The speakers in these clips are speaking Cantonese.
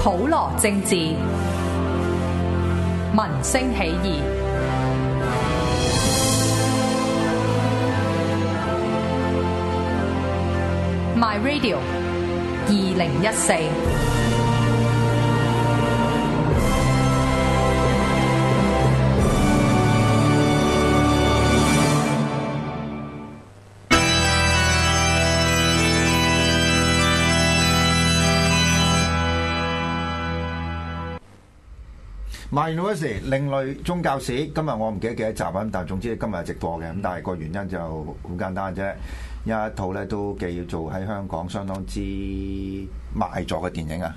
普羅政治，民聲起義。MyRadio，二零一四。《My University 另類宗教史》，今日我唔記得幾多集啊，但總之今日係直播嘅，咁但係個原因就好簡單啫，有一套咧都記要做喺香港相當之賣座嘅電影啊。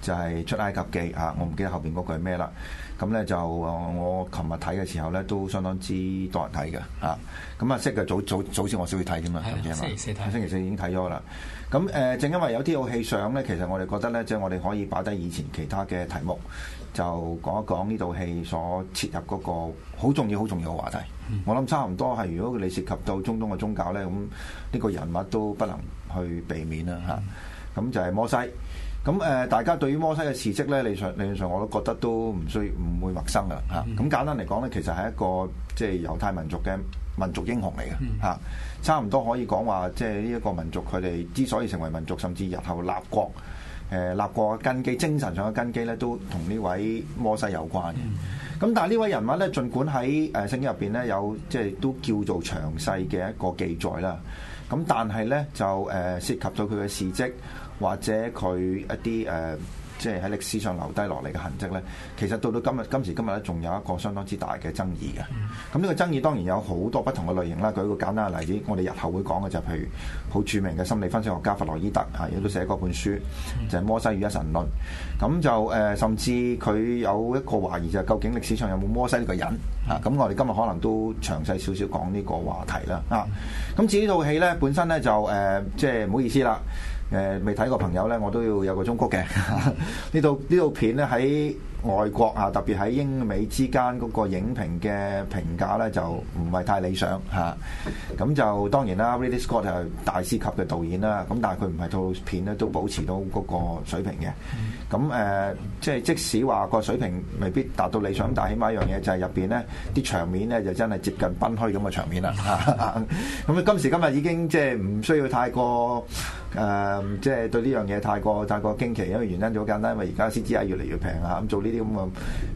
就係出埃及記嚇，我唔記得後邊嗰句係咩啦。咁咧就我琴日睇嘅時候咧，都相當之多人睇嘅嚇。咁、mm hmm. 啊，星期早早早先我先去睇嘅嘛。星期四,四星期四已經睇咗啦。咁誒、呃，正因為有啲好戲上咧，其實我哋覺得咧，即、就、係、是、我哋可以擺低以前其他嘅題目，就講一講呢套戲所切入嗰個好重要、好重要嘅話題。Mm hmm. 我諗差唔多係，如果你涉及到中東嘅宗教咧，咁呢個人物都不能去避免啦嚇。咁、啊 mm hmm. 就係摩西。咁誒，大家對於摩西嘅事蹟咧，理上理論上我都覺得都唔需唔會陌生噶嚇。咁、mm. 啊、簡單嚟講咧，其實係一個即係猶太民族嘅民族英雄嚟嘅嚇。差唔多可以講話，即係呢一個民族佢哋之所以成為民族，甚至日後立國，誒、呃、立國嘅根基、精神上嘅根基咧，都同呢位摩西有關嘅。咁、mm. 啊、但係呢位人物咧，儘管喺誒聖經入邊咧有即係都叫做詳細嘅一個記載啦。咁但係咧就誒涉及到佢嘅事蹟。或者佢一啲誒、呃，即係喺歷史上留低落嚟嘅痕跡呢，其實到到今日今時今日咧，仲有一個相當之大嘅爭議嘅。咁呢個爭議當然有好多不同嘅類型啦。舉一個簡單嘅例子，我哋日後會講嘅就係譬如好著名嘅心理分析學家弗洛伊德啊，亦都寫過本書就係、是《摩西與一神論》。咁就誒、呃，甚至佢有一個懷疑就係究竟歷史上有冇摩西呢個人啊？咁我哋今日可能都詳細少少講呢個話題啦。啊，咁至於呢套戲呢，本身呢就誒、呃，即係唔好意思啦。誒未睇過朋友呢，我都要有個忠告嘅，呢套呢套片咧，喺外國啊，特別喺英美之間嗰個影評嘅評價呢就唔係太理想嚇。咁、啊、就當然啦 Ridley Scott 係大師級嘅導演啦，咁但係佢唔係套片咧都保持到嗰個水平嘅。 咁誒、嗯，即係即使話個水平未必達到理想，但係起碼一樣嘢就係入邊咧啲場面咧就真係接近崩開咁嘅場面啦。咁 啊、嗯，今時今日已經即係唔需要太過誒，即、呃、係、就是、對呢樣嘢太過太過驚奇，因為原因就好簡單，因為而家 CGI 越嚟越平啊。咁、嗯、做呢啲咁嘅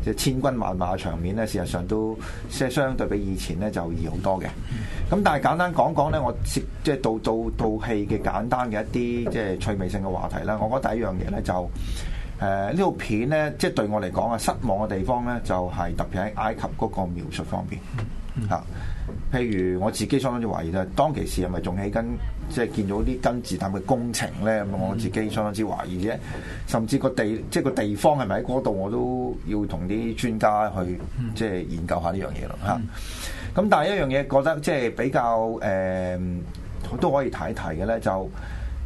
即係千軍萬馬嘅場面咧，事實上都即係相對比以前咧就易好多嘅。咁、嗯嗯嗯、但係簡單講講咧，我即係到到套戲嘅簡單嘅一啲即係趣味性嘅話題啦。我覺得第一樣嘢咧就。就就就就就就誒、呃、呢套片咧，即係對我嚟講啊，失望嘅地方咧，就係、是、特別喺埃及嗰個描述方面嚇、嗯啊。譬如我自己相當之懷疑啦，當其時係咪仲起緊，即係見到啲金字塔嘅工程咧？咁我自己相當之懷疑啫。甚至個地，即係個地方係咪喺度，我都要同啲專家去即係研究下呢樣嘢咯嚇。咁、啊、但係一樣嘢覺得即係比較誒、呃、都可以提一提嘅咧，就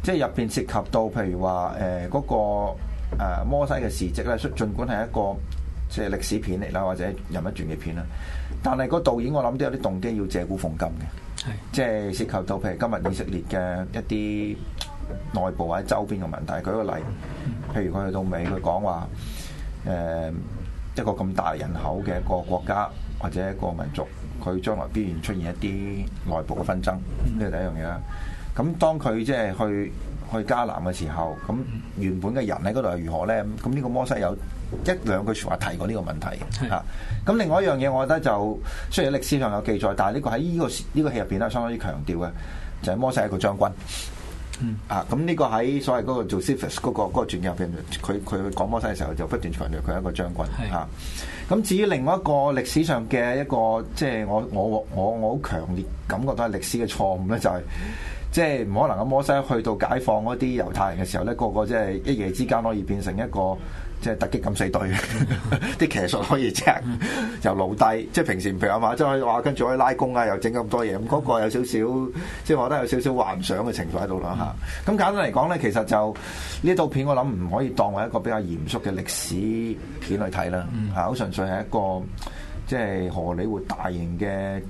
即係入邊涉及到譬如話誒嗰個。誒、啊、摩西嘅事蹟咧，雖儘管係一個即係歷史片嚟啦，或者人物傳嘅片啦，但係個導演我諗都有啲動機要借古諷今嘅，是即係涉及到譬如今日以色列嘅一啲內部或者周邊嘅問題。舉個例，譬如佢去到尾佢講話，誒、呃、一個咁大人口嘅一個國家或者一,一個民族，佢將來必然出現一啲內部嘅紛爭，呢個、嗯、第一樣嘢啦。咁當佢即係去。去迦南嘅時候，咁原本嘅人喺嗰度係如何咧？咁呢個摩西有一兩句説話提過呢個問題嘅咁是的、啊、另外一樣嘢，我覺得就雖然歷史上有記載，但係呢個喺呢、這個呢、這個戲入邊咧，相當於強調嘅就係、是、摩西係個將軍。嗯啊，咁呢個喺所謂嗰個做 Josephus 嗰個轉入邊，佢、那、佢、個、講摩西嘅時候就不斷強調佢係一個將軍嚇。咁是的、啊、至於另外一個歷史上嘅一個即係我我我我好強烈感覺到係歷史嘅錯誤咧，就係、是。即係唔可能啊！摩西去到解放嗰啲猶太人嘅時候咧，個個即係一夜之間可以變成一個即係、就是、突擊敢死隊，啲 騎術可以即係老低。即係 平時唔平啊嘛，即係可以話跟住可以拉弓啊，又整咁多嘢，咁、那、嗰個有少少，即係我覺得有少少幻想嘅情緒喺度啦嚇。咁 簡單嚟講咧，其實就呢套片我諗唔可以當為一個比較嚴肅嘅歷史片去睇啦，嚇好、嗯啊、純粹係一個即係、就是、荷里活大型嘅。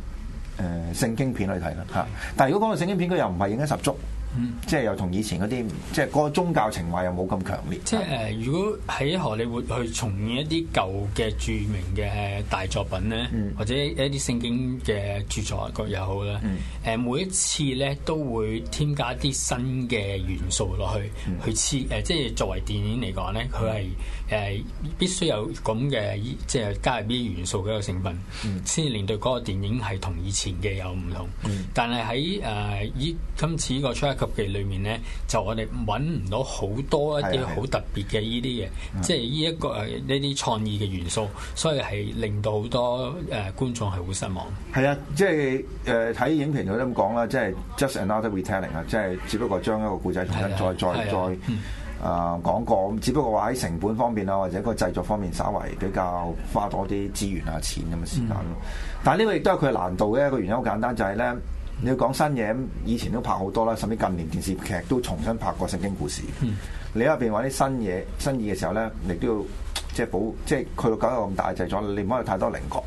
誒聖經片去睇啦嚇，是的 但係如果講到聖經片，佢又唔係影得十足，嗯，即係又同以前嗰啲，即、就、係、是、個宗教情懷又冇咁強烈。即係誒、呃，如果喺荷里活去重演一啲舊嘅著名嘅大作品咧，嗯、或者一啲聖經嘅著作國又好啦，誒、嗯、每一次咧都會添加一啲新嘅元素落去，嗯、去黐誒、呃，即係作為電影嚟講咧，佢係。誒、呃、必須有咁嘅，即係加入啲元素嘅一個成分，先至令到嗰個電影係同以前嘅有唔同。嗯、但係喺誒依今次依個《出埃及記》裏面咧，就我哋揾唔到好多一啲好特別嘅依啲嘢，啊啊、即係依一個誒呢啲創意嘅元素，所以係令到好多誒、呃、觀眾係好失望。係啊，即係誒睇影評就咁講啦，即係 just another retelling 啊，即係只不過將一個故仔重新再再、啊啊啊、再。再再嗯啊、呃，講過咁，只不過話喺成本方面啊，或者個製作方面稍為比較花多啲資源啊、錢咁嘅時間咯。嗯、但係呢個亦都係佢難度嘅一個原因，好簡單就係、是、咧，你要講新嘢，以前都拍好多啦，甚至近年電視劇都重新拍過聖經故事。嗯、你入邊話啲新嘢新意嘅時候咧，你都要即係保，即係佢搞有咁大製作，你唔可以太多靈覺。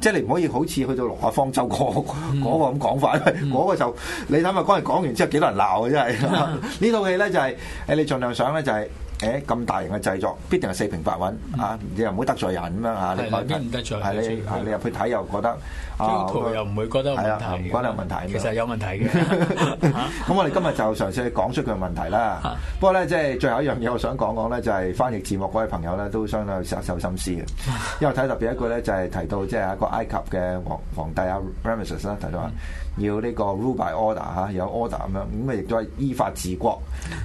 即係你唔可以好似去到《挪亞方舟、那個》嗰 個咁講法，因為嗰個就你諗下，嗰陣講完之後幾多人鬧啊！真係 呢套戲咧就係、是、誒，你盡量想咧就係、是。誒咁、欸、大型嘅製作，必定係四平八穩、嗯、啊！你又唔好得罪人咁樣嚇，係唔的不得罪，係的你你入去睇又覺得，張又唔會覺得係啦，唔關你問題。有問題其實有問題嘅，咁、啊、 我哋今日就嘗試講出佢嘅問題啦。啊、不過咧，即、就、係、是、最後一樣嘢，我想講講咧，就係翻譯字幕嗰位朋友咧，都相當有受心思嘅。啊、因為睇特別一個咧，就係提到即係一個埃及嘅王皇,皇帝阿 Ramesses 啦，提到話。要呢個 rule by order 嚇，有 order 咁樣，咁咪亦都係依法治國。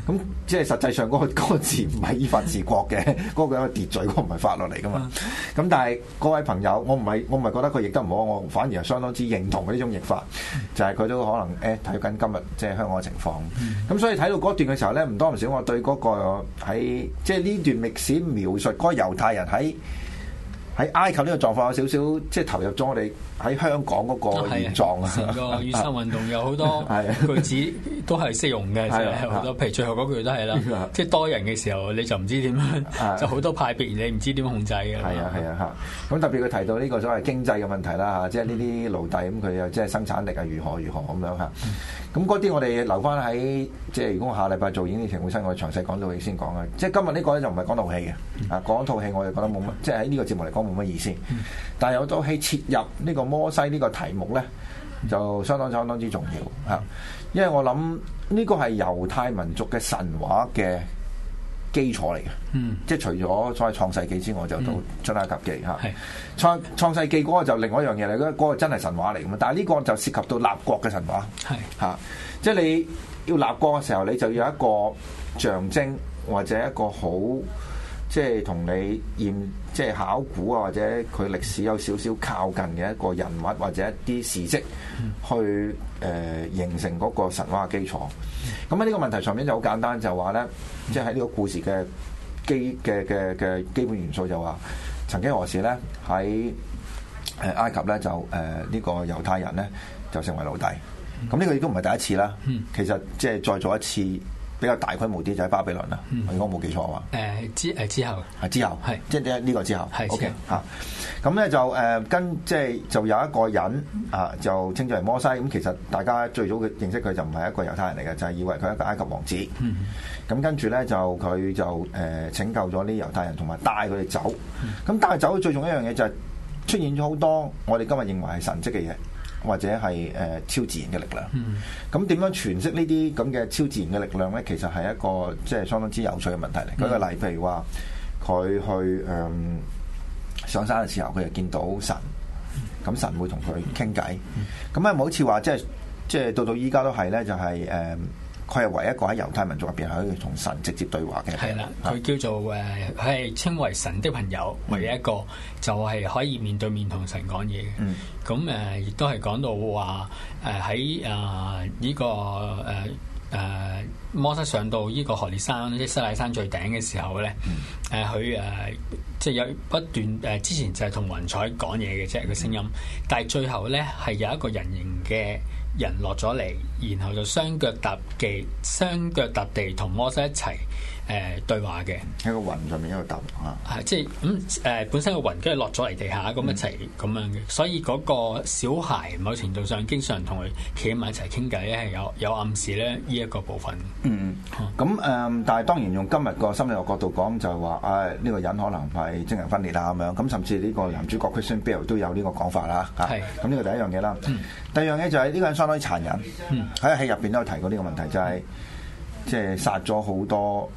咁即係實際上嗰、那個那個字唔係依法治國嘅，嗰、那個嘅秩序嗰唔係法律嚟噶嘛。咁但係各位朋友，我唔係我唔係覺得佢譯得唔好，我反而係相當之認同佢呢種譯法，就係、是、佢都可能誒睇緊今日即係香港嘅情況。咁所以睇到嗰段嘅時候咧，唔多唔少，我對嗰個喺即係呢段歷史描述嗰、那個猶太人喺，喺埃及呢個狀況有少少，即係投入咗我哋喺香港嗰個現狀啊！個雨傘運動有好多句子都係適用嘅，即係好多。譬如最後嗰句都係啦，即係多人嘅時候你就唔知點樣，就好多派別你唔知點控制嘅。係啊係啊嚇，咁特別佢提到呢個所謂經濟嘅問題啦嚇，即係呢啲奴隸咁佢又即係生產力呀如何如何咁樣嚇。咁嗰啲我哋留翻喺，即係如果下禮拜做演演講會生，我哋詳細講到戲先講嘅。即係今日呢個咧就唔係講套戲嘅，嗯、啊講套戲我哋覺得冇乜，嗯、即係喺呢個節目嚟講冇乜意思。嗯、但係有套戲切入呢個摩西呢個題目咧，就相當相當之重要嚇，因為我諗呢個係猶太民族嘅神話嘅基礎嚟嘅，嗯、即係除咗再創世紀之外，就到《出埃及記》嚇。是創創世紀嗰個就另外一樣嘢嚟，嗰、嗰個真係神話嚟㗎嘛。但係呢個就涉及到立國嘅神話，嚇是、啊。即係你要立國嘅時候，你就要有一個象徵或者一個好。即係同你驗，即係考古啊，或者佢歷史有少少靠近嘅一個人物或者一啲事蹟，去誒、呃、形成嗰個神話基礎。咁喺呢個問題上面就好簡單，就話咧，即係喺呢個故事嘅基嘅嘅嘅基本元素就話，曾經何時咧喺誒埃及咧就誒呢、呃呢個猶太人咧就成為奴隸。咁呢個亦都唔係第一次啦。其實即係再做一次。比較大規模啲就喺巴比倫啦，嗯、如果冇記錯嘅話。誒、呃，之誒之後，係之後，係即係呢個之後。係，O K。吓 okay,、嗯，咁咧、嗯、就誒跟即係就有一個人啊，就稱咗為摩西。咁、嗯、其實大家最早嘅認識佢就唔係一個猶太人嚟嘅，就係、是、以為佢係一個埃及王子。咁、嗯、跟住咧就佢就誒、呃、拯救咗啲猶太人，同埋帶佢哋走。咁帶、嗯嗯、走最重要一樣嘢就係、是、出現咗好多我哋今日認為係神跡嘅嘢。或者係誒超自然嘅力量，咁點樣詮釋呢啲咁嘅超自然嘅力量呢？其實係一個即係相當之有趣嘅問題嚟。舉個例，譬如話佢去誒、呃、上山嘅時候，佢就見到神，咁神會同佢傾偈，咁啊冇好似話即係即係到到依家都係呢？就係、係、誒。呃佢係唯一一個喺猶太民族入邊係可以同神直接對話嘅人。啦、嗯，佢叫做誒，佢、呃、係稱為神的朋友，唯一一個就係可以面對面同神講嘢嘅。咁誒、嗯，亦都係講到話誒喺啊呢個誒誒摩西上到呢個何烈山，即西奈山最頂嘅時候咧，誒佢誒即有不斷誒之前就係同雲彩講嘢嘅啫嘅聲音，嗯、但係最後咧係有一個人形嘅。人落咗嚟，然後就雙腳踏地，雙腳踏地同摩西一齊。誒、呃、對話嘅喺個雲上面一路揼嚇，係即係咁誒本身個雲跟住落咗嚟地下，咁一齊咁樣嘅，所以嗰個小孩某程度上經常同佢企埋一齊傾偈，係有有暗示咧呢一個部分。嗯，咁、嗯、誒，啊嗯、但係當然用今日個心理學角度講，就係話誒呢個人可能係精神分裂啊咁樣。咁甚至呢個男主角 Christian Bale 都有呢個講法啦嚇。係、啊。咁呢個第一樣嘢啦。第二樣嘢就係呢個人相當於殘忍。喺喺入邊都有提過呢個問題，就係即係殺咗好多。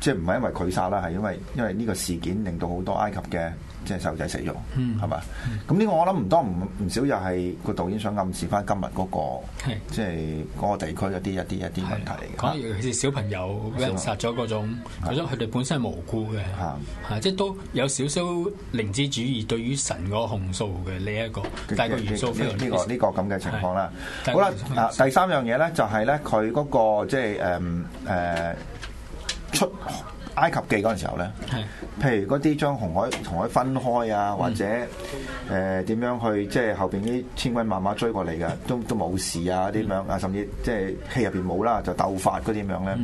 即係唔係因為佢殺啦，係因為因為呢個事件令到好多埃及嘅即係細路仔死咗，係嘛？嗯。咁呢個我諗唔多唔唔少又係個導演想暗示翻今日嗰，那個，即係嗰個地區一啲一啲一啲問題嚟嘅。尤其是，是，是小朋友被殺咗嗰種，嗰種佢哋本身無辜嘅，係即係都有少少靈知主義對於神個控訴嘅呢一個，但係個元素呢，這個呢，這個咁嘅，這個，情況啦。的好啦吧，第三樣嘢咧就係咧佢嗰個即係誒誒。嗯嗯嗯嗯嗯出埃及記嗰陣時候咧，是譬如嗰啲將紅海同海分開啊，或者誒點、嗯呃、樣去即係後邊啲千軍萬馬追過嚟嘅，都都冇事啊，點樣啊，嗯、甚至即係戲入邊冇啦，就鬥法嗰啲樣咧。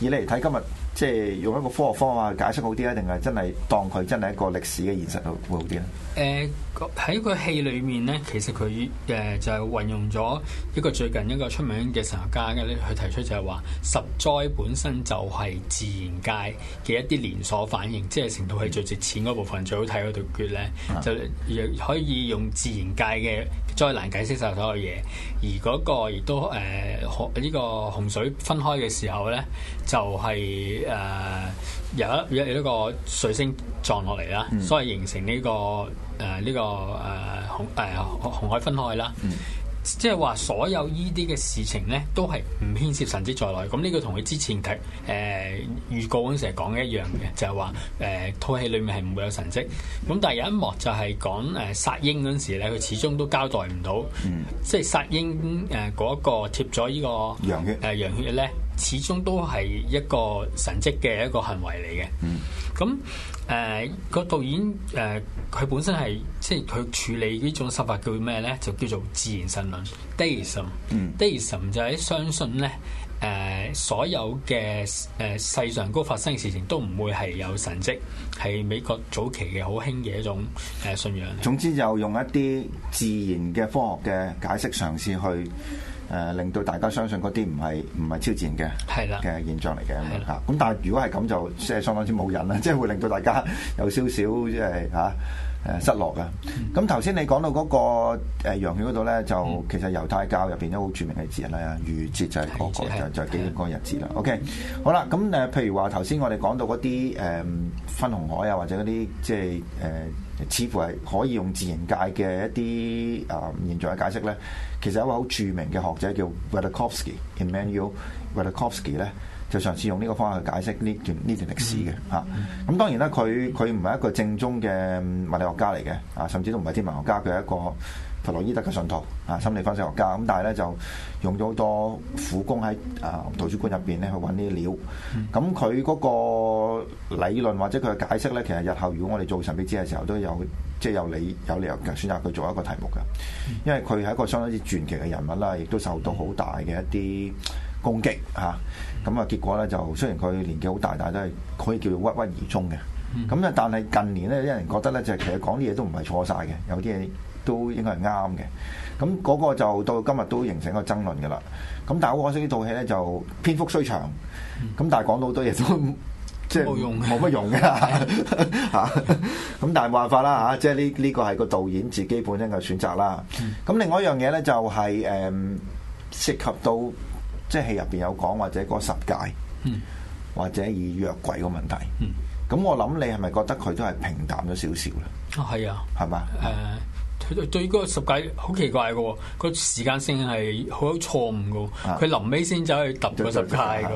以你嚟睇今日。即係用一個科學方法去解釋好啲啊，定係真係當佢真係一個歷史嘅現實會好啲咧？誒、呃，喺個，個戲裡面咧，其實佢誒、呃、就係運用咗一個最近一個出名嘅神學家嘅咧，佢提出就係話十災本身就係自然界嘅一啲連鎖反應，嗯、即係成套係最值錢嗰部分、最好睇嗰段劇咧，嗯、就可以用自然界嘅災難解釋晒所有嘢，而嗰個亦都誒呢、呃這個洪水分開嘅時候咧，就係、是。誒有一有一個水星撞落嚟啦，嗯、所以形成呢、呢個誒呢、呃這個誒、呃、紅誒、呃、紅海分開啦。嗯、即係話所有呢啲嘅事情咧，都係唔牽涉神蹟在內。咁呢個同佢之前提誒預告嗰陣時講嘅一樣嘅，就係話誒套戲裡面係唔會有神蹟。咁但係有一幕就係講誒殺英嗰陣時咧，佢始終都交代唔到，嗯、即係殺英誒嗰個貼咗呢、呢個羊血誒、呃、羊血咧。始終都係一個神蹟嘅一個行為嚟嘅。咁誒個導演誒佢、呃、本身係即係佢處理呢種手法叫咩咧？就叫做自然神論。Deism，Deism 就係相信咧誒、呃、所有嘅誒、呃、世上高發生嘅事情都唔會係有神蹟，係美國早期嘅好興嘅一種誒信仰。總之就用一啲自然嘅科學嘅解釋嘗試去。誒令到大家相信嗰啲唔係唔係超自然嘅嘅是的 現象嚟嘅嚇，咁是的、嗯、但係如果係咁就即係相當之冇癮啦，即係會令到大家有少少即係嚇誒失落嘅。咁頭先你講到嗰個羊血嗰度咧，就其實猶太教入邊都好著名嘅節日啦，逾節就係嗰、嗰個是的 就就紀念嗰個日子啦。是的 OK，好啦，咁誒譬如話頭先我哋講到嗰啲誒分紅海啊，或者嗰啲即係誒。嗯似乎係可以用自然界嘅一啲啊、呃、現象去解釋咧，其實一位好著名嘅學者叫 Vladikovsky i n m a n u e l v l a d k o v s k y 咧，就嘗試用呢個方法去解釋呢段呢、嗯、段歷史嘅嚇。咁、嗯啊、當然啦，佢佢唔係一個正宗嘅物理學家嚟嘅，啊，甚至都唔係天文學家嘅一個。佛洛伊德嘅信徒啊，心理分析學家咁，但係咧就用咗好多苦工喺啊圖書館入邊咧去揾啲料。咁佢嗰個理論或者佢嘅解釋咧，其實日後如果我哋做神秘之嘅時候，都有即係、就是、有理有理由嘅選擇佢做一個題目嘅，嗯、因為佢係一個相當之傳奇嘅人物啦，亦、啊、都受到好大嘅一啲攻擊吓。咁啊，結果咧就雖然佢年紀好大，但係都係可以叫做屈屈而終嘅。咁啊、嗯，嗯、但係近年咧，有啲人覺得咧，就其實講啲嘢都唔係錯晒嘅，有啲嘢。都應該係啱嘅，咁嗰個就到今日都形成一個爭論嘅啦。咁但係好可惜呢套戲咧就篇幅雖長，咁、嗯、但係講到好多嘢都即係冇用，冇乜用嘅嚇。咁 但係冇辦法啦嚇、啊，即係呢呢個係個導演自己本身嘅選擇啦。咁、嗯、另外一樣嘢咧就係、是、誒、嗯、涉及到即係戲入邊有講或者嗰十誡，嗯、或者以約櫃嘅問題。咁我諗你係咪覺得佢都係平淡咗少少咧？啊係嗎啊，係、嗯、咪？誒？佢對嗰個十戒好奇怪嘅，個時間性係好有錯誤嘅。佢臨尾先走去揼個十戒嘅，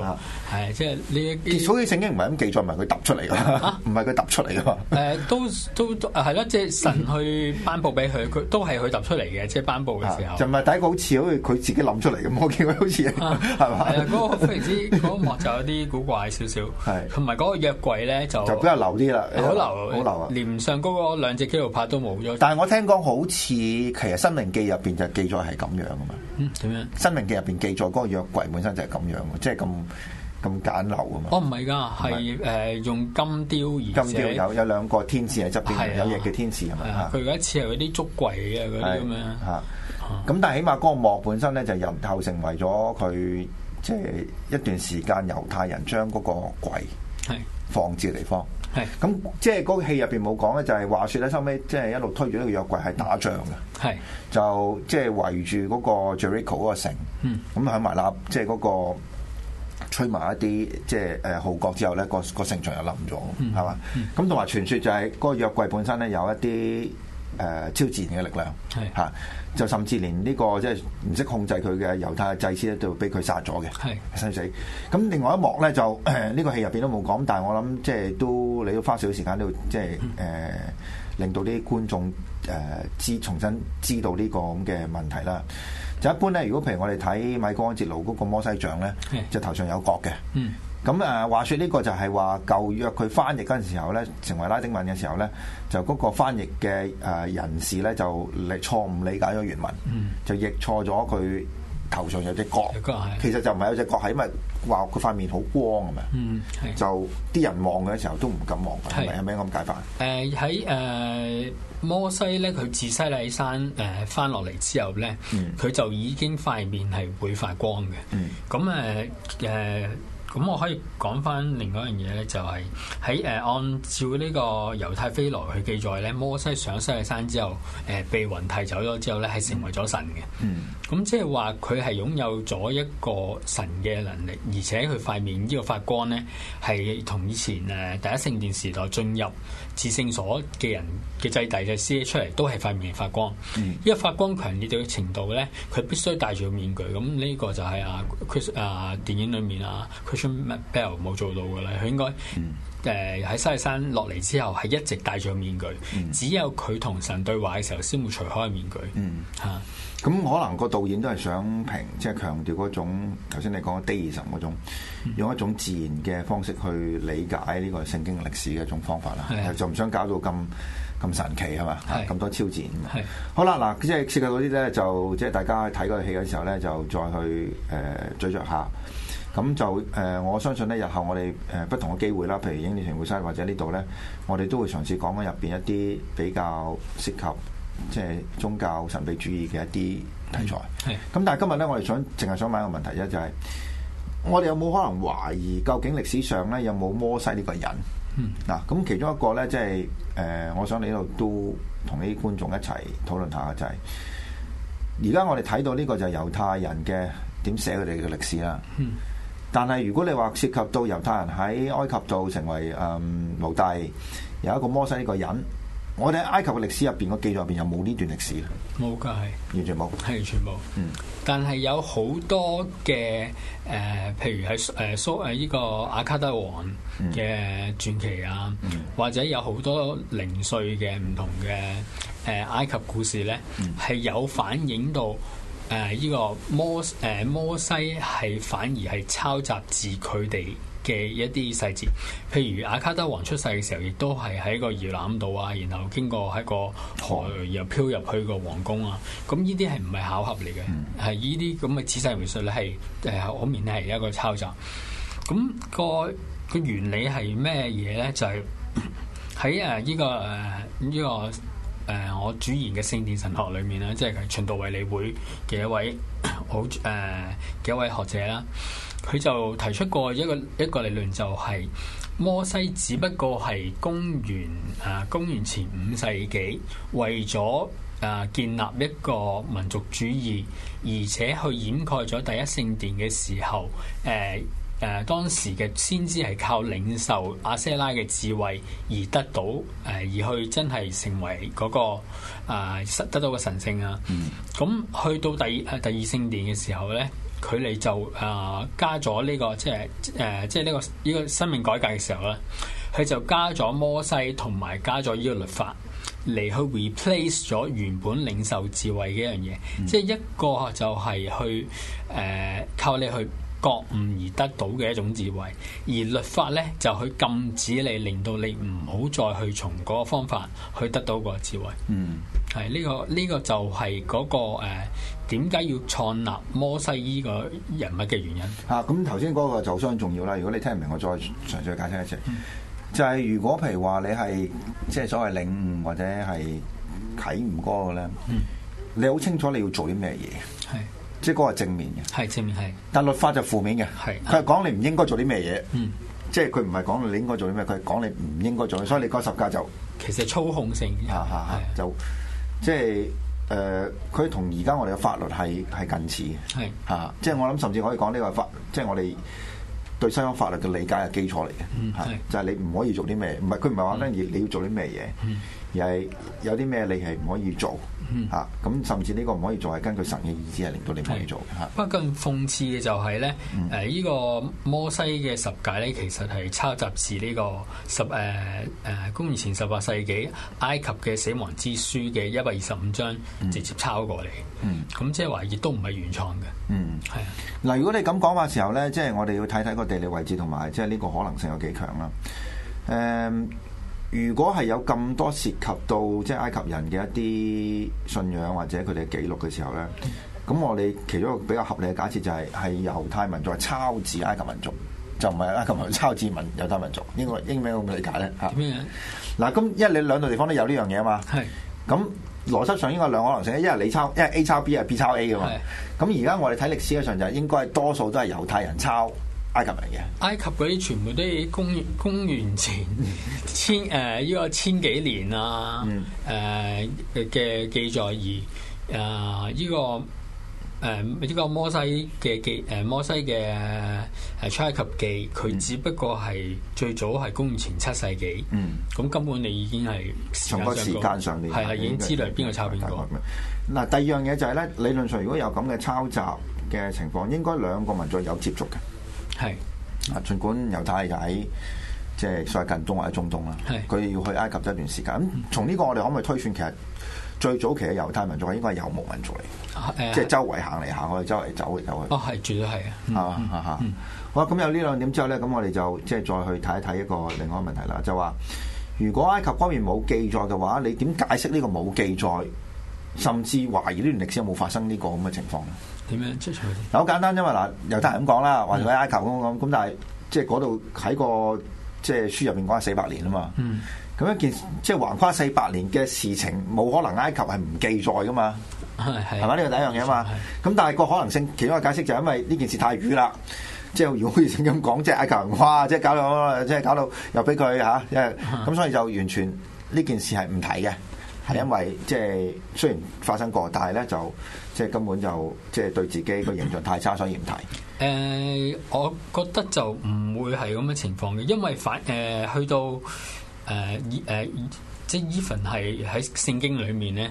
係即係你所以聖經唔係咁記載，唔係佢揼出嚟嘅，唔係佢揼出嚟嘅。誒，都都係咯，即係神去頒布俾佢，佢都係佢揼出嚟嘅，即係頒布嘅時候。就唔係第一個好似好似佢自己諗出嚟咁，我見好似係嘛？係啊，嗰個忽然之嗰幕就有啲古怪少少。同埋嗰個約櫃咧，就就比較流啲啦，好流好流，啊！連上嗰個兩隻基路伯都冇咗。但係我聽講好。好似其實《新靈記》入邊就記載係咁樣啊嘛。嗯，點樣？《新靈記》入邊記載嗰個約櫃本身就係咁樣，即係咁咁簡陋啊嘛。我唔係㗎，係，誒用金雕，金雕有有兩個天使喺側邊，有嘢叫天使係咪？佢而家似係嗰啲竹櫃啊嗰啲咁樣嚇。咁但係起碼嗰個幕本身咧就入後成為咗佢，即係一段時間猶太人將嗰個櫃放置嘅地方。係，咁即係嗰個戲入邊冇講咧，就係、是、話説咧收尾即係一路推住呢個約櫃係打仗嘅，係 就即係圍住嗰個 Jericho 嗰個城，咁喺埋撳，即係嗰個吹埋一啲即係誒號角之後咧，個、那個城牆又冧咗，係嘛？咁同埋傳説就係嗰個約櫃本身咧有一啲。誒、呃、超自然嘅力量，係嚇是、啊，就甚至連呢、這個即係唔識控制佢嘅猶太祭司咧，都俾佢殺咗嘅，生是死。咁另外一幕咧，就呢、這個戲入邊都冇講，但係我諗即係都你都花少少時間都、就是，都即係誒令到啲觀眾誒、呃、知重新知道呢個咁嘅問題啦。就一般咧，如果譬如我哋睇米高安哲路嗰個摩西像咧，是就頭上有角嘅。嗯。咁誒話説呢個就係話舊約佢翻譯嗰陣時候咧，成為拉丁文嘅時候咧，就嗰個翻譯嘅誒人士咧就嚟錯誤理解咗原文，嗯、就譯錯咗佢頭上有隻角，嗯、其實就唔係有隻角，係因為話佢塊面好光咁樣，嗯、就啲人望嘅時候都唔敢望，係咪有咩咁解法？誒喺誒摩西咧，佢自西奈山誒、呃、翻落嚟之後咧，佢、嗯、就已經塊面係會發光嘅，咁誒誒。嗯呃呃呃呃呃咁我可以講翻另外一樣嘢咧，就係喺誒按照呢個猶太《非羅》去記載咧，摩西上西奈山之後，誒被雲提走咗之後咧，係成為咗神嘅。嗯。嗯。咁即係話佢係擁有咗一個神嘅能力，而且佢塊面呢個發光咧，係同以前誒第一聖殿時代進入至聖所嘅人嘅祭弟嘅司出嚟都係塊面發光。因為發光強烈到程度咧，佢必須戴住個面具。咁呢個就係啊 Chris 啊電影裏面啊 Christian Bale 冇做到噶啦，佢應該誒喺西奈山落嚟之後係一直戴住個面具，嗯、只有佢同神對話嘅時候先會除開面具。嗯吓。嗯咁可能個導演都係想評，即、就、係、是、強調嗰種頭先你講低二十嗰種，嗯、用一種自然嘅方式去理解呢個聖經歷史嘅一種方法啦，嗯，就唔想搞到咁咁神奇係嘛，咁、嗯、吧多超自然。好啦，嗱，即係涉及到啲呢，就即係大家睇嗰部戲嘅時候呢，就再去誒追着下。咁就誒、呃，我相信呢，日後我哋誒不同嘅機會啦，譬如影《列傳》會山或者呢度呢，我哋都會嘗試講翻入邊一啲比較適合。即係宗教神秘主義嘅一啲題材，咁、嗯。但係今日呢，我哋想淨係想問一個問題，一就係、是、我哋有冇可能懷疑，究竟歷史上呢有冇摩西呢個人？嗱、嗯，咁、啊、其中一個呢，即、就、係、是呃、我想你呢度都同啲觀眾一齊討論下，就係而家我哋睇到呢個就係猶太人嘅點寫佢哋嘅歷史啦。嗯、但係如果你話涉及到猶太人喺埃及做成為誒奴隸，有一個摩西呢個人。我哋喺埃及嘅歷史入邊，我記載入邊有冇呢段歷史？冇噶係，完全冇，係全部。嗯，但係有好多嘅誒、呃，譬如係誒、呃、蘇誒呢、呃這個阿卡德王嘅傳奇啊，嗯、或者有好多零碎嘅唔同嘅誒、呃、埃及故事咧，係、嗯、有反映到誒呢、呃這個摩誒、呃、摩西係反而係抄襲自佢哋。嘅一啲細節，譬如阿卡德王出世嘅時候，亦都係喺個搖籃度啊，然後經過喺個河又漂入去個皇宮啊，咁呢啲係唔係巧合嚟嘅？係呢啲咁嘅仔細描述咧，係誒我認係一個抄襲。咁、那個個原理係咩嘢咧？就係喺誒呢個誒呢個。呃這個誒、呃，我主研嘅聖殿神學裏面咧，即係秦道維理會嘅一位好誒嘅一位學者啦，佢就提出過一個一個理論，就是，就係摩西只不過係公元誒、呃、公元前五世紀，為咗誒、呃、建立一個民族主義，而且去掩蓋咗第一聖殿嘅時候誒。呃誒、呃、當時嘅先知係靠領受阿舍拉嘅智慧而得到誒、呃，而去真係成為嗰、那個、呃、得到個神聖啊。咁、嗯、去到第二第二聖殿嘅時候咧，佢哋就誒、呃、加咗呢、這個、呃、即係誒、這個呃、即係呢個呢個生命改革嘅時候咧，佢就加咗摩西同埋加咗呢個律法嚟去 replace 咗原本領受智慧嘅一樣嘢。嗯、即係一個就係去誒、呃、靠你去。覺悟而得到嘅一種智慧，而律法咧就去禁止你，令到你唔好再去從嗰個方法去得到個智慧。嗯，係呢、這個呢、這個就係嗰、那個誒、點解要創立摩西依個人物嘅原因。嚇、啊，咁頭先嗰個就相當重要啦。如果你聽唔明，我再詳細解釋一次。嗯、就係如果譬如話你係即係所謂領悟或者係啟悟嗰個咧，嗯、你好清楚你要做啲咩嘢。即係嗰個係正面嘅，係正面係。但律法就負面嘅，佢係講你唔應該做啲咩嘢。嗯，即係佢唔係講你應該做啲咩，佢係講你唔應該做。所以你嗰十誡就其實操控性，係係係，的就即係誒，佢同而家我哋嘅法律係係近似嘅，係嚇的、啊。即係我諗甚至可以講呢個法，即、就、係、是、我哋對西方法律嘅理解係基礎嚟嘅，嗯、就係你唔可以做啲咩，唔係佢唔係話咧，而你要做啲咩嘢，嗯、而係有啲咩你係唔可以做。嗯，咁、啊、甚至呢個唔可以做，係根據神嘅意志係令到你唔可以做嘅嚇。不過更諷刺嘅就係咧，誒依、嗯啊這個摩西嘅十戒咧，其實係抄襲自呢個十誒誒、呃呃、公元前十八世紀埃及嘅死亡之書嘅一百二十五章，直接抄過嚟。嗯，咁、嗯啊、即係話亦都唔係原創嘅。嗯，係啊。嗱、嗯啊，如果你咁講話嘅時候咧，即係我哋要睇睇個地理位置同埋，即係呢個可能性有幾強啦。嗯。如果係有咁多涉及到即係、就是、埃及人嘅一啲信仰或者佢哋嘅記錄嘅時候呢，咁我哋其中一個比較合理嘅假設就係、是、係猶太民族抄自埃及民族，就唔係埃及民族抄自民猶太民族。應該英文咁理解呢？嚇。點嗱、啊，咁因為你兩度地方都有呢樣嘢啊嘛。係是。咁邏輯上應該有兩個可能性，一係你抄，一係 A 抄 B，係 B 抄 A 啊嘛。咁而家我哋睇歷史嘅上就係應該多數都係猶太人抄。埃及嚟嘅埃及嗰啲全部都係公公元前千誒呢個千幾年啊誒嘅、嗯呃、記載而啊呢、呃這個誒呢、呃這個摩西嘅記誒摩西嘅誒《啊、埃及記》，佢只不過係最早係公元前七世紀，嗯咁、嗯、根本你已經係、那個、從個時間上嚟係已經知道邊個抄邊個。嗱、嗯，第二樣嘢就係、是、咧，理論上如果有咁嘅抄襲嘅情況，應該兩個民族有接觸嘅。係啊，儘是管猶太就喺即係所謂近東或者中東啦，佢是要去埃及一段時間。咁從呢個我哋可唔可以推算，其實最早期嘅猶太民族係應該係游牧民族嚟，啊、即係周圍行嚟行去，周圍走嚟走，走，走去。哦，係絕對係啊！嚇嚇嚇！好、嗯，咁有呢兩點之後咧，咁我哋就即係再去睇一睇一個另外一個問題啦，就話如果埃及方面冇記載嘅話，你點解釋呢個冇記載，甚至懷疑呢段歷史有冇發生呢個咁嘅情況咧？點樣出嗱，好簡單，因為嘛！嗱，又得人咁講啦，話佢埃及咁咁，咁但係即係嗰度喺個即係書入邊講四百年啊嘛。嗯。咁一件即係橫跨四百年嘅事情，冇可能埃及係唔記載噶嘛。係係。係嘛？呢個第一樣嘢啊嘛。係。咁但係個可能性，其中一個解釋就係因為呢件事太瘀啦，即係如果可及咁講，即係埃及人哇，即係搞到，即係搞到又俾佢吓，因咁，所以就完全呢件事係唔睇嘅，係因為即係雖然發生過，但係咧就。即係根本就即係對自己個形象太差，所以唔提。誒 呃，我覺得就唔會係咁嘅情況嘅，因為反誒、呃、去到誒誒。呃呃呃即係 even 係喺聖經裡面咧，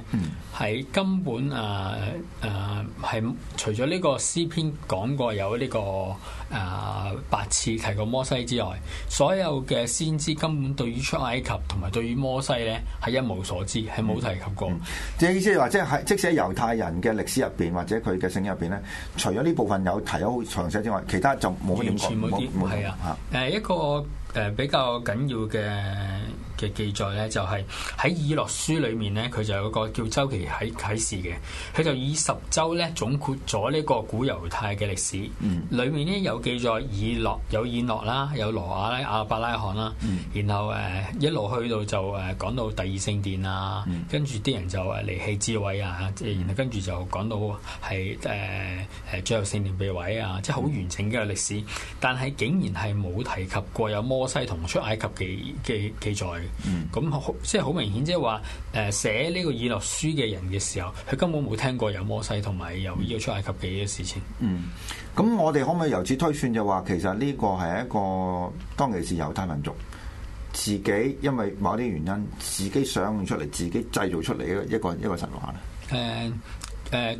係、嗯、根本啊啊係除咗呢個詩篇講過有呢、呢個啊八次提過摩西之外，所有嘅先知根本對於出埃及同埋對於摩西咧係一無所知，係冇提及過。即係、嗯嗯、意思話，即係即使喺猶太人嘅歷史入邊或者佢嘅聖經入邊咧，除咗呢部分有提得好詳細之外，其他就冇乜點講，完全冇啲冇係啊。一個誒比較緊要嘅嘅記載咧，就係喺《以諾書》裏面咧，佢就有個叫周期喺啟示嘅，佢就以十週咧總括咗呢個古猶太嘅歷史。嗯，裏面呢有記載以諾有以諾啦，有羅亞拉亞伯拉罕啦，然後誒一路去到就誒講到第二聖殿啊，跟住啲人就離棄智慧啊，即係然後跟住就講到係誒誒最後聖殿被毀啊，即係好完整嘅歷史。但係竟然係冇提及過有摩西同出埃及記記記載。嗯，咁好即係好明顯，即係話誒寫呢個以諾書嘅人嘅時候，佢根本冇聽過有摩西同埋有要出埃及嘅事情。嗯，咁我哋可唔可以由此推算，就話其實呢個係一個當其時猶太民族自己因為某啲原因，自己想出嚟，自己製造出嚟一個一個一個神話咧？誒誒、呃。呃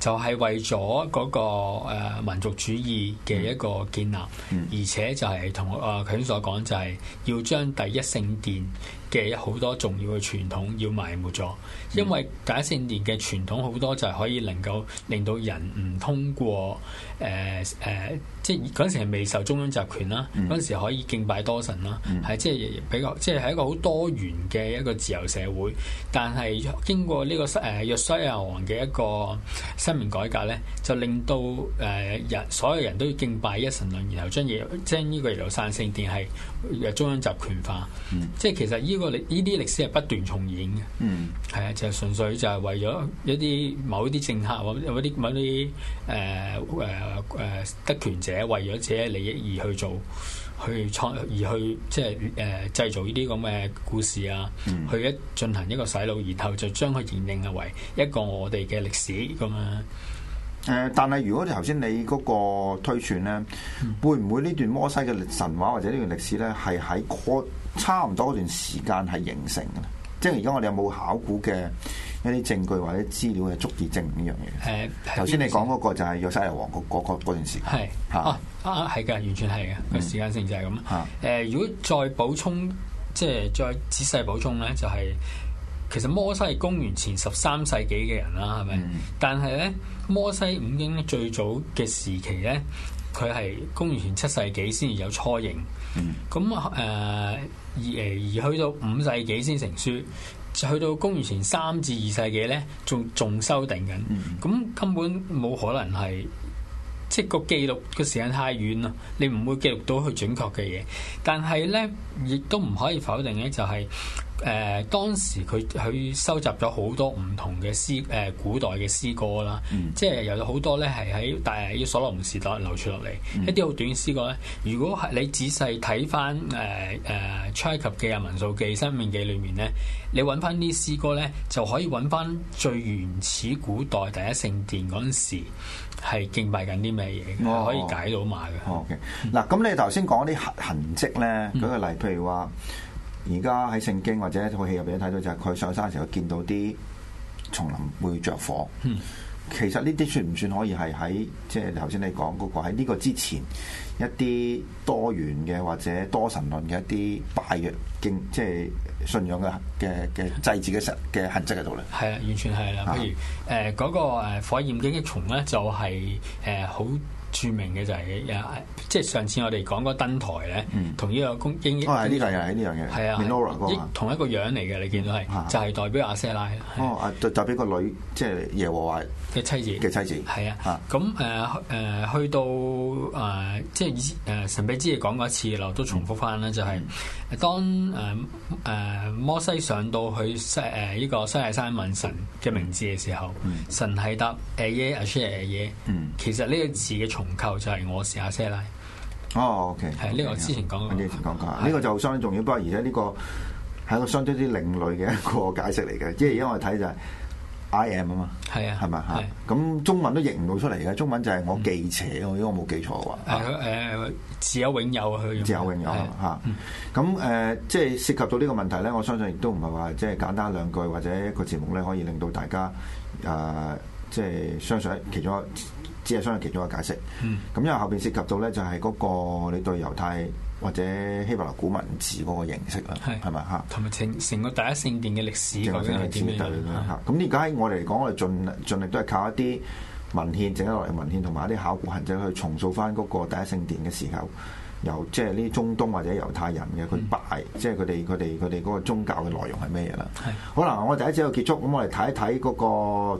就係為咗嗰個誒民族主義嘅一個建立，嗯、而且就係同啊佢所講，就係要將第一聖殿嘅好多重要嘅傳統要埋沒咗，因為第一聖殿嘅傳統好多就係可以能夠令到人唔通過誒誒即係嗰陣時係未受中央集權啦，嗰陣時可以敬拜多神啦，係即係比較即係係一個好多元嘅一個自由社會，但係經過呢個誒約西亞王嘅一個申命改革咧，就令到誒人所有人都要敬拜一神論，然後將嘢將呢個耶路撒冷聖殿係誒中央集權化，即係其實依。呢個呢啲歷史係不斷重演嘅。嗯，係啊，就係純粹就係為咗一啲某啲政客或者某一啲某啲誒誒誒得權者，為咗自己利益而去做，去創，而去即係誒製造呢啲咁嘅故事啊，嗯、去一進行一個洗腦，然後就將佢認定為一個我哋嘅歷史咁啊。誒、呃，但係如果你頭先你嗰個推傳咧，嗯、會唔會呢段摩西嘅神話或者呢段歷史咧，係喺差唔多嗰段時間係形成嘅，即係而家我哋有冇考古嘅一啲證據或者資料嘅足證呢樣嘢？誒、呃，頭先你講嗰個就係約西亞王嗰嗰個嗰段時間。係是，啊啊係嘅、啊，完全係嘅，個、嗯、時間性就係咁。誒、啊呃，如果再補充，即係再仔細補充咧，就係、是、其實摩西係公元前十三世紀嘅人啦，係咪？嗯、但係咧，摩西五經最早嘅時期咧。佢係公元前七世紀先至有雛形，咁誒、mm. 而誒而，而去到五世紀先成書，去到公元前三至二世紀咧，仲仲修訂緊，咁、mm. 根本冇可能係，即係個記錄嘅時間太遠啦，你唔會記錄到佢準確嘅嘢，但係咧，亦都唔可以否定咧、就係，就係。誒、呃、當時佢佢收集咗好多唔同嘅詩誒、呃、古代嘅詩歌啦，嗯、即係又有好多咧係喺大喺所羅門時代流存落嚟一啲好短嘅詩歌咧。如果係你仔細睇翻誒誒《出埃、呃呃、及記》《民數記》《生命記》裏面咧，你揾翻啲詩歌咧，就可以揾翻最原始古代第一聖殿嗰陣時係敬拜緊啲咩嘢，哦、可以解到埋嘅。嗱咁、哦 okay、你頭先講啲痕跡咧，舉個例，譬、嗯、如話。而家喺聖經或者一套戲入邊睇到就係佢上山嘅時候見到啲叢林會着火。嗯、其實呢啲算唔算可以係喺即係頭先你講嗰，嗰個喺呢個之前一啲多元嘅或者多神論嘅一啲拜嘅敬即係信仰嘅嘅嘅祭祀嘅實嘅痕跡喺度咧？係啊，完全係啦。譬如誒嗰，呃嗰個火焰驚嘅蟲咧，就是，就係誒好。著名嘅就係啊，即上次我哋講嗰燈台咧，嗯、同呢個公英英，呢、哎這個又係呢樣嘢，係啊，同一個樣嚟嘅，你見到係，啊、就係代表亞西拉，哦、啊，就、啊啊、代表個女，即、就是、耶和華嘅妻子，嘅妻子，係啊，咁誒誒去到啊、呃，即誒神秘之亦講過一次啦，我都重複翻啦、就是，就係、嗯。嗯當誒誒、呃、摩西上到去西誒呢個西奈山問神嘅名字嘅時候，嗯、神係答耶阿舍拉耶。啊、耶嗯，其實呢個詞嘅重構就係、是、我係阿舍拉。哦，OK，係、okay, 呢個之前講過，之前講過，呢個就相當重要。是不過而且呢個係一個相當之另類嘅一個解釋嚟嘅，即係而家我睇就係、是。I AM 啊嘛，係啊，係咪吧？嚇、啊，咁中文都譯唔到出嚟嘅，中文就係我記邪，我、嗯、如果冇記錯嘅話，係自有永有、啊，去，自有永有。嚇，咁誒、呃，即係涉及到呢個問題咧，我相信亦都唔係話即係簡單兩句或者一個節目咧，可以令到大家啊、呃，即係相信其中一。只係相信其中一個解釋。嗯，咁因為後邊涉及到咧，就係嗰個你對猶太或者希伯來古文字嗰個認識啦，係咪嚇？同埋成成個第一聖殿嘅歷史究竟係點樣樣嚇？咁而家喺我哋嚟講，我哋盡盡力都係靠一啲文獻整一落嚟文獻，同埋一啲考古痕跡去重塑翻嗰個第一聖殿嘅時候。由即係呢中東或者猶太人嘅佢拜，嗯、即係佢哋佢哋佢哋嗰個宗教嘅內容係咩嘢啦？係是好啦，我第一節就結束，咁我哋睇一睇嗰個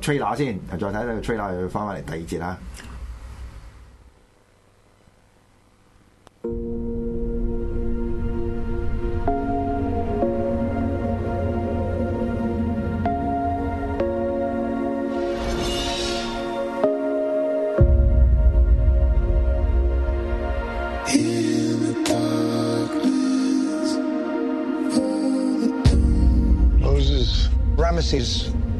trailer 先，再睇睇個 trailer，又翻返嚟第二節啦。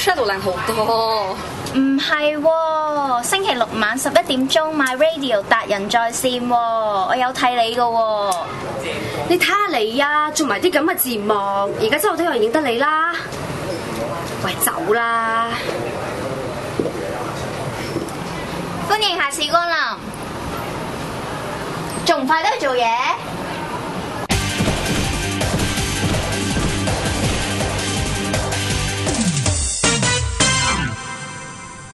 出到靚好多，唔係、哦，星期六晚十一點鐘 My Radio 達人在線、哦，我有睇你噶、哦，你睇下你啊，做埋啲咁嘅字幕，而家真係好多人認得你啦，喂走啦，歡迎下次光臨，仲唔快啲去做嘢？